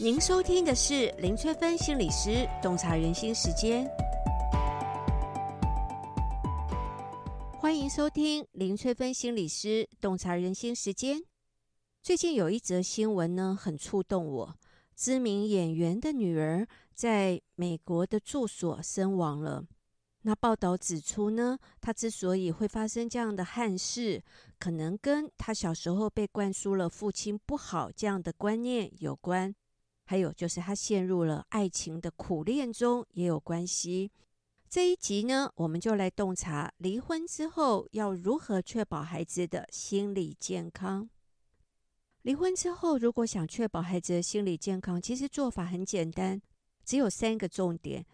您收聽的是林萃芬心理師《洞察人心》時間。歡迎收聽林萃芬心理師《洞察人心》時間。最近有一則新聞呢，很觸動我。知名演員的女兒在美國的住所身亡了。那報道指出呢，她之所以會發生這樣的憾事，可能跟她小時候被灌輸了父親不好這樣的觀念有關。還有就是，他陷入了愛情的苦戀中，也有關係。這一集呢，我們就來洞察離婚之後要如何確保孩子的心理健康。離婚之後，如果想確保孩子的心理健康，其實做法很簡單，只有三個重點。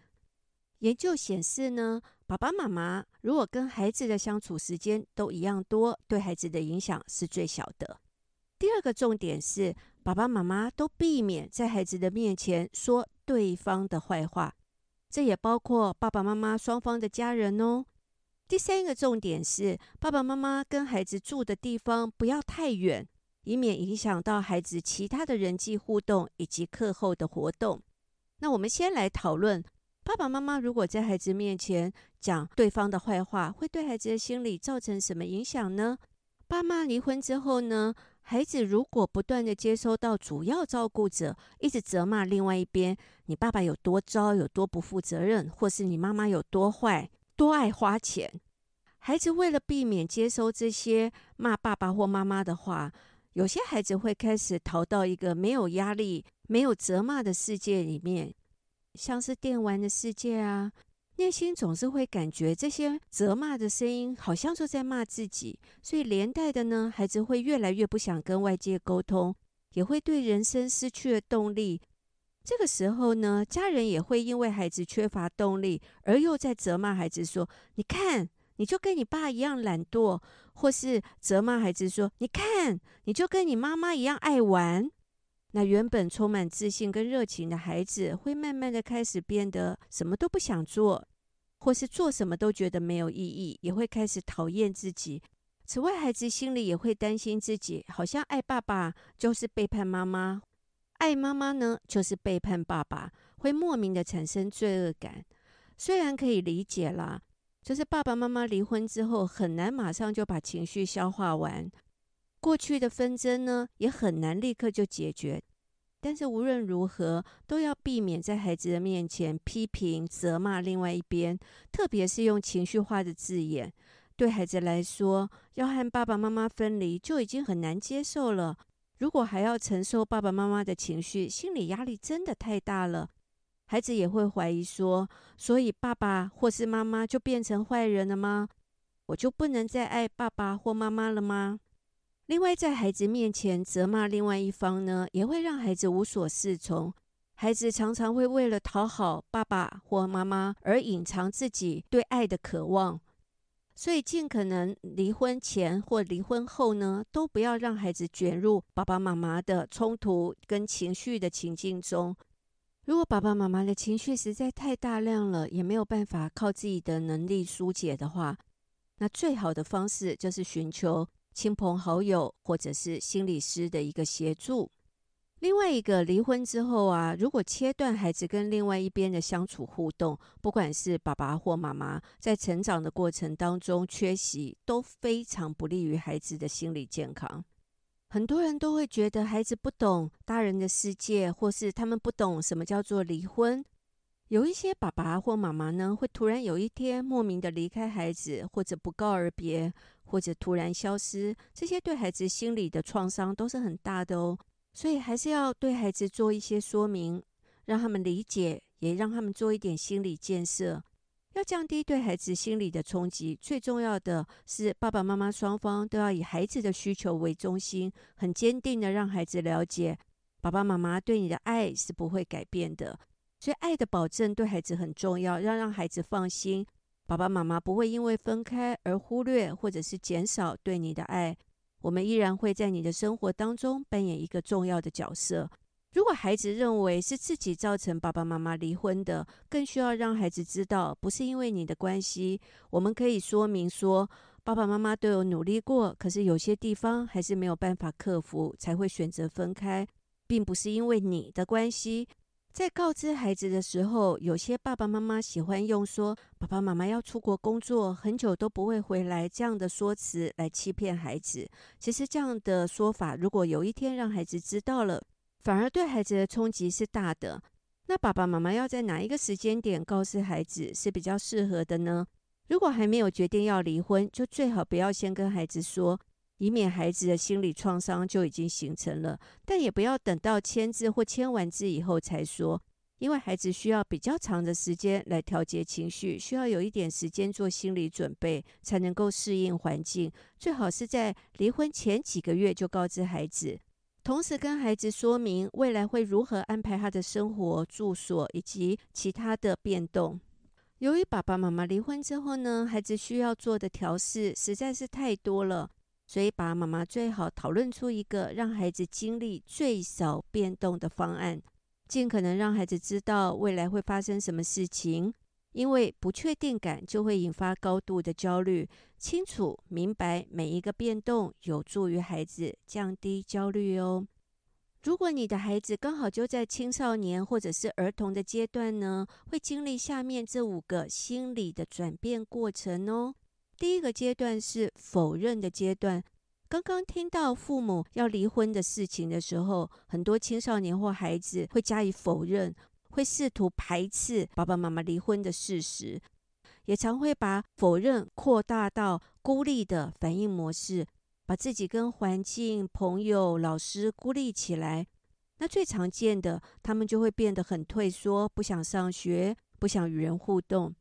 研究顯示呢，爸爸媽媽如果跟孩子的相處時間都一樣多，對孩子的影響是最小的。第二個重點是，爸爸媽媽都避免在孩子的面前說對方的壞話，這也包括爸爸媽媽雙方的家人哦。第三個重點是，爸爸媽媽跟孩子住的地方不要太遠，以免影響到孩子其他的人際互動以及課後的活動。那我們先來討論，爸爸媽媽如果在孩子面前講對方的壞話，會對孩子的心理造成什麼影響呢？爸媽離婚之後呢，孩子如果不斷的接收到主要照顧者一直責罵另外一邊，你爸爸有多糟，有多不負責任，或是你媽媽有多壞，多愛花錢，孩子為了避免接收這些罵爸爸或媽媽的話，有些孩子會開始逃到一個沒有壓力、沒有責罵的世界裡面，像是電玩的世界啊。內心總是會感覺這些責罵的聲音好像是在罵自己，所以連帶的呢，孩子會越來越不想跟外界溝通，也會對人生失去了動力。這個時候呢，家人也會因為孩子缺乏動力，而又在責罵孩子說：“你看，你就跟你爸一樣懶惰。”或是責罵孩子說：“你看，你就跟你媽媽一樣愛玩。”那原本充滿自信跟熱情的孩子，會慢慢的開始變得什麼都不想做。或是做什麼都覺得沒有意義，也會開始討厭自己。此外，孩子心裡也會擔心自己，好像愛爸爸就是背叛媽媽，愛媽媽呢就是背叛爸爸，會莫名的產生罪惡感。雖然可以理解啦，就是爸爸媽媽離婚之後，很難馬上就把情緒消化完，過去的紛爭呢也很難立刻就解決。但是無論如何，都要避免在孩子的面前批評、責罵另外一邊，特別是用情緒化的字眼。對孩子來說，要和爸爸媽媽分離就已經很難接受了，如果還要承受爸爸媽媽的情緒，心理壓力真的太大了。孩子也會懷疑說，所以爸爸或是媽媽就變成壞人了嗎？我就不能再愛爸爸或媽媽了嗎？另外，在孩子面前責罵另外一方呢，也會讓孩子無所適從。孩子常常會為了討好爸爸或媽媽而隱藏自己對愛的渴望，所以盡可能離婚前或離婚後呢，都不要讓孩子捲入爸爸媽媽的衝突跟情緒的情境中。如果爸爸媽媽的情緒實在太大量了，也沒有辦法靠自己的能力疏解的話，那最好的方式就是尋求。親朋好友，或者是心理師的一個協助。另外一個，離婚之後啊，如果切斷孩子跟另外一邊的相處互動，不管是爸爸或媽媽，在成長的過程當中缺席，都非常不利於孩子的心理健康。很多人都會覺得孩子不懂大人的世界，或是他們不懂什麼叫做離婚。有一些爸爸或媽媽呢，會突然有一天莫名的離開孩子，或者不告而別，或者突然消失，這些對孩子心理的創傷都是很大的哦。所以還是要對孩子做一些說明，讓他們理解，也讓他們做一點心理建設。要降低對孩子心理的衝擊，最重要的是爸爸媽媽雙方都要以孩子的需求為中心，很堅定的讓孩子了解，爸爸媽媽對你的愛是不會改變的。所以，愛的保證對孩子很重要，要讓孩子放心，爸爸媽媽不會因為分開而忽略或者是減少對你的愛。我們依然會在你的生活當中扮演一個重要的角色。如果孩子認為是自己造成爸爸媽媽離婚的，更需要讓孩子知道，不是因為你的關係。我們可以說明說，爸爸媽媽都有努力過，可是有些地方還是沒有辦法克服，才會選擇分開，並不是因為你的關係。在告知孩子的時候，有些爸爸媽媽喜歡用說“爸爸媽媽要出國工作，很久都不會回來”這樣的說辭來欺騙孩子。其實這樣的說法，如果有一天讓孩子知道了，反而對孩子的衝擊是大的。那爸爸媽媽要在哪一個時間點告訴孩子是比較適合的呢？如果還沒有決定要離婚，就最好不要先跟孩子說。以免孩子的心理創傷就已經形成了，但也不要等到簽字或簽完字以後才說，因為孩子需要比較長的時間來調節情緒，需要有一點時間做心理準備，才能夠適應環境。最好是在離婚前幾個月就告知孩子，同時跟孩子說明未來會如何安排他的生活、住所以及其他的變動。由於爸爸媽媽離婚之後呢，孩子需要做的調適實在是太多了。所以爸爸媽媽最好討論出一個讓孩子經歷最少變動的方案，盡可能讓孩子知道未來會發生什麼事情，因為不確定感就會引發高度的焦慮。清楚明白每一個變動，有助於孩子降低焦慮哦。如果你的孩子剛好就在青少年或者是兒童的階段呢，會經歷下面這五個心理的轉變過程哦。第一個階段是否認的階段，剛剛聽到父母要離婚的事情的時候，很多青少年或孩子會加以否認，會試圖排斥爸爸媽媽離婚的事實，也常會把否認擴大到孤立的反應模式，把自己跟環境、朋友、老師孤立起來。那最常見的，他們就會變得很退縮，不想上學，不想與人互動。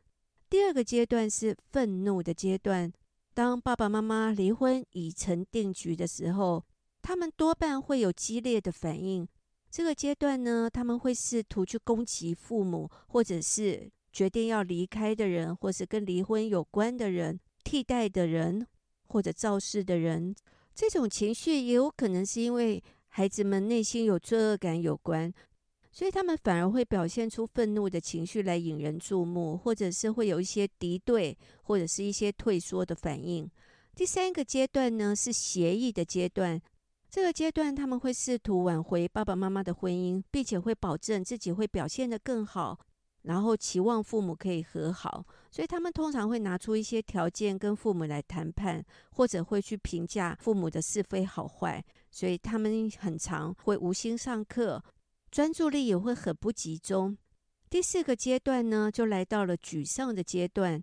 第二個階段是憤怒的階段，當爸爸媽媽離婚已成定局的時候，他們多半會有激烈的反應。這個階段呢，他們會試圖去攻擊父母，或者是決定要離開的人，或是跟離婚有關的人、替代的人或者肇事的人。這種情緒也有可能是因為孩子們內心有罪惡感有關。所以他們反而會表現出憤怒的情緒來引人注目，或者是會有一些敵對，或者是一些退縮的反應。第三個階段呢是協議的階段，這個階段他們會試圖挽回爸爸媽媽的婚姻，並且會保證自己會表現得更好，然後期望父母可以和好。所以他們通常會拿出一些條件跟父母來談判，或者會去評價父母的是非好壞。所以他們很常會無心上課。專注力也會很不集中。第四個階段呢，就來到了沮喪的階段。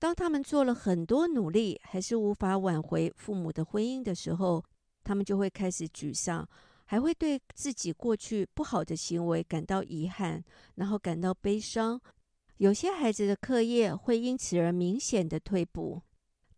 當他們做了很多努力，還是無法挽回父母的婚姻的時候，他們就會開始沮喪，還會對自己過去不好的行為感到遺憾，然後感到悲傷。有些孩子的課業會因此而明顯的退步。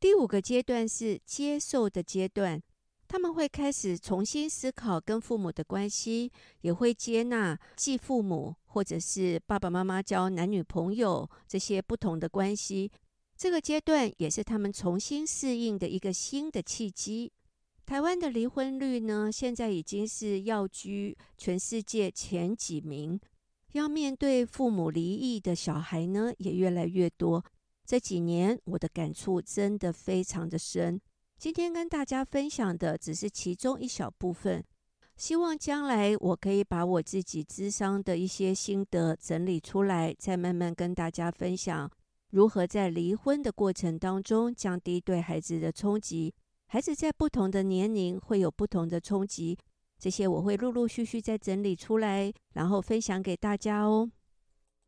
第五個階段是接受的階段。他們會開始重新思考跟父母的關係，也會接納繼父母或者是爸爸媽媽交男女朋友這些不同的關係。這個階段也是他們重新適應的一個新的契機。台灣的離婚率呢，現在已經是要居全世界前幾名，要面對父母離異的小孩呢，也越來越多。這幾年我的感觸真的非常的深。今天跟大家分享的只是其中一小部分，希望將來我可以把我自己諮商的一些心得整理出來，再慢慢跟大家分享如何在離婚的過程當中降低對孩子的衝擊。孩子在不同的年齡會有不同的衝擊，這些我會陸陸續續再整理出來，然後分享給大家哦。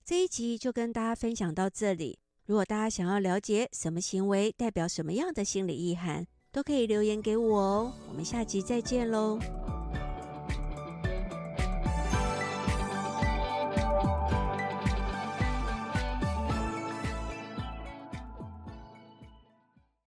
這一集就跟大家分享到這裡。如果大家想要了解什麼行為代表什麼樣的心理意涵，都可以留言給我哦，我們下集再見嘍。